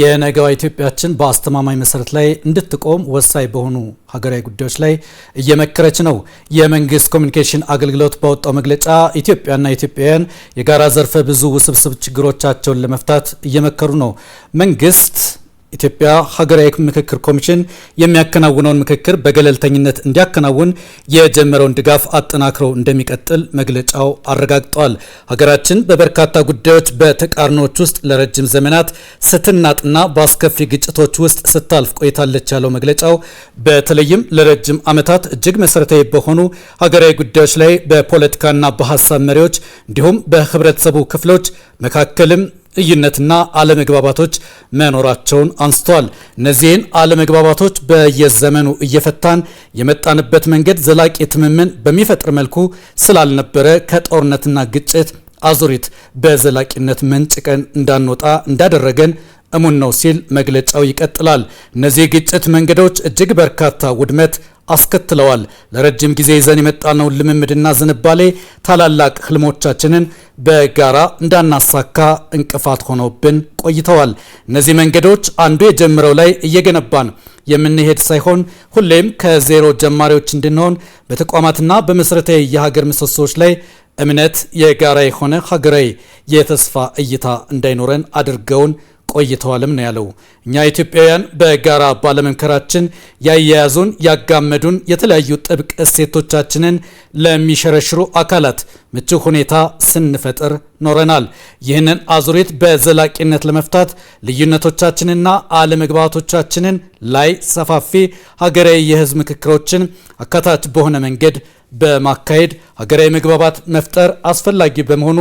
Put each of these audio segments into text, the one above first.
የነገዋ ኢትዮጵያችን በአስተማማኝ መሰረት ላይ እንድትቆም ወሳኝ በሆኑ ሀገራዊ ጉዳዮች ላይ እየመከረች ነው። የመንግስት ኮሚኒኬሽን አገልግሎት ባወጣው መግለጫ ኢትዮጵያና ኢትዮጵያውያን የጋራ ዘርፈ ብዙ ውስብስብ ችግሮቻቸውን ለመፍታት እየመከሩ ነው መንግስት ኢትዮጵያ ሀገራዊ ምክክር ኮሚሽን የሚያከናውነውን ምክክር በገለልተኝነት እንዲያከናውን የጀመረውን ድጋፍ አጠናክሮ እንደሚቀጥል መግለጫው አረጋግጧል። ሀገራችን በበርካታ ጉዳዮች በተቃርኖች ውስጥ ለረጅም ዘመናት ስትናጥና በአስከፊ ግጭቶች ውስጥ ስታልፍ ቆይታለች ያለው መግለጫው በተለይም ለረጅም ዓመታት እጅግ መሰረታዊ በሆኑ ሀገራዊ ጉዳዮች ላይ በፖለቲካና በሀሳብ መሪዎች እንዲሁም በህብረተሰቡ ክፍሎች መካከልም ልዩነትና አለመግባባቶች መኖራቸውን አንስተዋል። እነዚህን አለመግባባቶች በየዘመኑ እየፈታን የመጣንበት መንገድ ዘላቂ ትምምን በሚፈጥር መልኩ ስላልነበረ ከጦርነትና ግጭት አዙሪት በዘላቂነት መንጭቀን እንዳንወጣ እንዳደረገን እሙን ነው ሲል መግለጫው ይቀጥላል። እነዚህ የግጭት መንገዶች እጅግ በርካታ ውድመት አስከትለዋል። ለረጅም ጊዜ ይዘን የመጣነውን ልምምድና ዝንባሌ ታላላቅ ህልሞቻችንን በጋራ እንዳናሳካ እንቅፋት ሆነውብን ቆይተዋል። እነዚህ መንገዶች አንዱ የጀምረው ላይ እየገነባን የምንሄድ ሳይሆን ሁሌም ከዜሮ ጀማሪዎች እንድንሆን በተቋማትና በመሠረታዊ የሀገር ምሰሶዎች ላይ እምነት፣ የጋራ የሆነ ሀገራዊ የተስፋ እይታ እንዳይኖረን አድርገውን ቆይተዋልም ነው ያለው። እኛ ኢትዮጵያውያን በጋራ ባለመምከራችን ያያያዙን ያጋመዱን የተለያዩ ጥብቅ እሴቶቻችንን ለሚሸረሽሩ አካላት ምቹ ሁኔታ ስንፈጥር ኖረናል። ይህንን አዙሪት በዘላቂነት ለመፍታት ልዩነቶቻችንና አለመግባባቶቻችንን ላይ ሰፋፊ ሀገራዊ የህዝብ ምክክሮችን አካታች በሆነ መንገድ በማካሄድ ሀገራዊ መግባባት መፍጠር አስፈላጊ በመሆኑ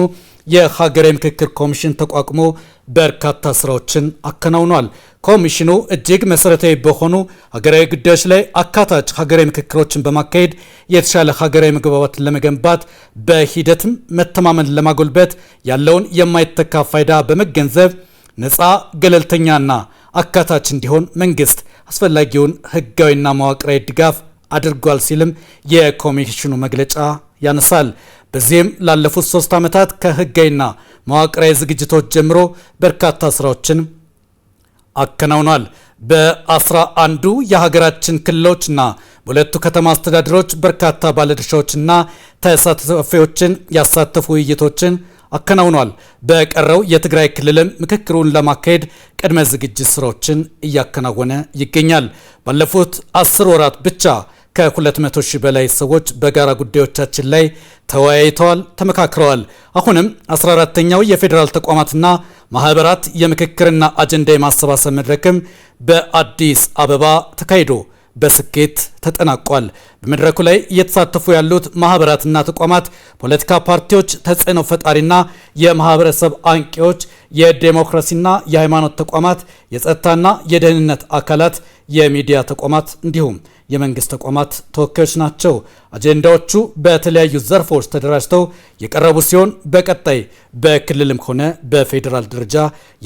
የሀገራዊ ምክክር ኮሚሽን ተቋቁሞ በርካታ ስራዎችን አከናውኗል። ኮሚሽኑ እጅግ መሰረታዊ በሆኑ ሀገራዊ ጉዳዮች ላይ አካታች ሀገራዊ ምክክሮችን በማካሄድ የተሻለ ሀገራዊ መግባባትን ለመገንባት በሂደትም መተማመን ለማጎልበት ያለውን የማይተካ ፋይዳ በመገንዘብ ነፃ ገለልተኛና አካታች እንዲሆን መንግስት አስፈላጊውን ህጋዊና መዋቅራዊ ድጋፍ አድርጓል ሲልም የኮሚሽኑ መግለጫ ያነሳል። በዚህም ላለፉት ሶስት ዓመታት ከህጋዊና መዋቅራዊ ዝግጅቶች ጀምሮ በርካታ ስራዎችን አከናውኗል። በአስራ አንዱ የሀገራችን ክልሎችና በሁለቱ ከተማ አስተዳደሮች በርካታ ባለድርሻዎችና ተሳታፊዎችን ያሳተፉ ውይይቶችን አከናውኗል። በቀረው የትግራይ ክልልም ምክክሩን ለማካሄድ ቅድመ ዝግጅት ስራዎችን እያከናወነ ይገኛል። ባለፉት አስር ወራት ብቻ ከ200 ሺህ በላይ ሰዎች በጋራ ጉዳዮቻችን ላይ ተወያይተዋል፣ ተመካክረዋል። አሁንም 14ተኛው የፌዴራል ተቋማትና ማህበራት የምክክርና አጀንዳ የማሰባሰብ መድረክም በአዲስ አበባ ተካሂዶ በስኬት ተጠናቋል። በመድረኩ ላይ እየተሳተፉ ያሉት ማህበራትና ተቋማት፣ ፖለቲካ ፓርቲዎች፣ ተጽዕኖ ፈጣሪና የማህበረሰብ አንቂዎች፣ የዴሞክራሲና የሃይማኖት ተቋማት፣ የጸጥታና የደህንነት አካላት፣ የሚዲያ ተቋማት እንዲሁም የመንግስት ተቋማት ተወካዮች ናቸው። አጀንዳዎቹ በተለያዩ ዘርፎች ተደራጅተው የቀረቡ ሲሆን በቀጣይ በክልልም ሆነ በፌዴራል ደረጃ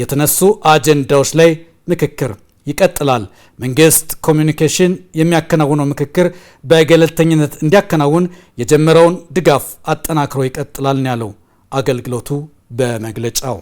የተነሱ አጀንዳዎች ላይ ምክክር ይቀጥላል። መንግስት ኮሚኒኬሽን የሚያከናውነው ምክክር በገለልተኝነት እንዲያከናውን የጀመረውን ድጋፍ አጠናክሮ ይቀጥላል ነው ያለው አገልግሎቱ በመግለጫው።